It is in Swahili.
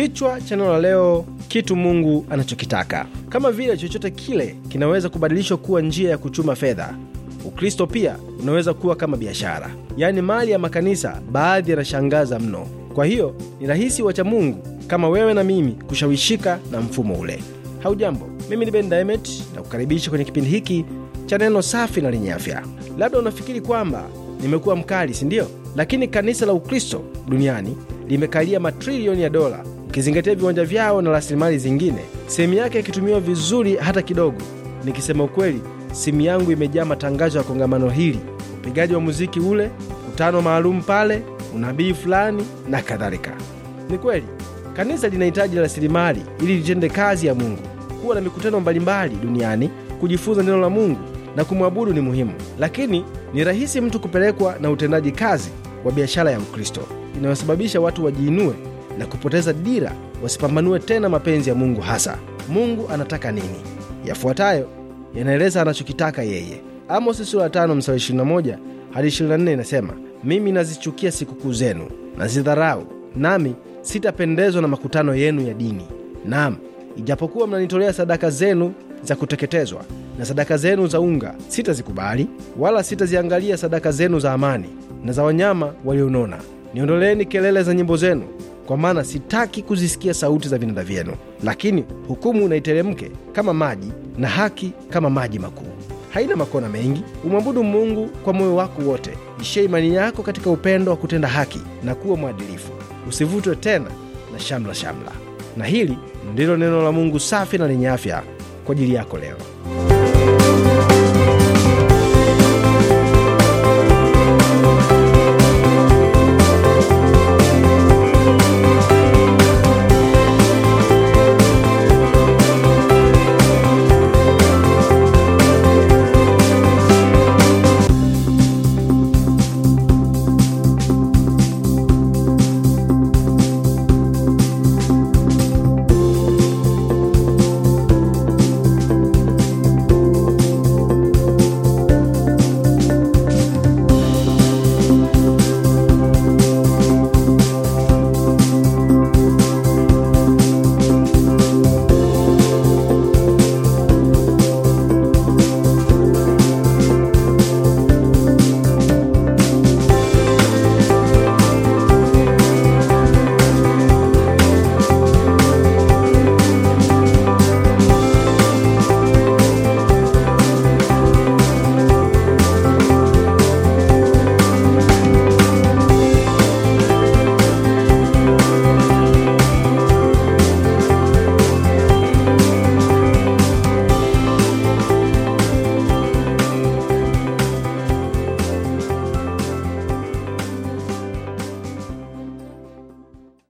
Kichwa cha neno la leo, kitu Mungu anachokitaka. Kama vile chochote kile kinaweza kubadilishwa kuwa njia ya kuchuma fedha, Ukristo pia unaweza kuwa kama biashara, yaani mali ya makanisa baadhi yanashangaza mno. Kwa hiyo ni rahisi wacha Mungu kama wewe na mimi kushawishika na mfumo ule. Haujambo, mimi ni Ben Diamond na kukaribisha kwenye kipindi hiki cha neno safi na lenye afya. Labda unafikiri kwamba nimekuwa mkali, si Lakini kanisa la Ukristo duniani limekalia matrilioni ya dola ukizingatia viwanja vyao na rasilimali zingine. Sehemu yake ikitumiwa vizuri hata kidogo. Nikisema ukweli, simu yangu imejaa matangazo ya kongamano hili, upigaji wa muziki ule, mkutano maalumu pale, unabii fulani na kadhalika. Ni kweli kanisa linahitaji rasilimali ili litende kazi ya Mungu. Kuwa na mikutano mbalimbali duniani, kujifunza neno la Mungu na kumwabudu ni muhimu, lakini ni rahisi mtu kupelekwa na utendaji kazi wa biashara ya Ukristo inayosababisha watu wajiinue na kupoteza dira wasipambanue tena mapenzi ya Mungu hasa. Mungu anataka nini? Yafuatayo yanaeleza anachokitaka yeye. Amosi sura ya tano mstari 21 hadi 24 inasema, mimi nazichukia sikukuu zenu, nazidharau, nami sitapendezwa na makutano yenu ya dini. nam ijapokuwa mnanitolea sadaka zenu za kuteketezwa na sadaka zenu za unga, sitazikubali, wala sitaziangalia sadaka zenu za amani na za wanyama walionona. Niondoleni kelele za nyimbo zenu, kwa maana sitaki kuzisikia sauti za vinanda vyenu. Lakini hukumu unaiteremke kama maji, na haki kama maji makuu. Haina makona mengi. Umwabudu Mungu kwa moyo wako wote, ishia imani yako katika upendo wa kutenda haki na kuwa mwadilifu. Usivutwe tena na shamla shamla. Na hili ndilo neno la Mungu safi na lenye afya kwa ajili yako leo.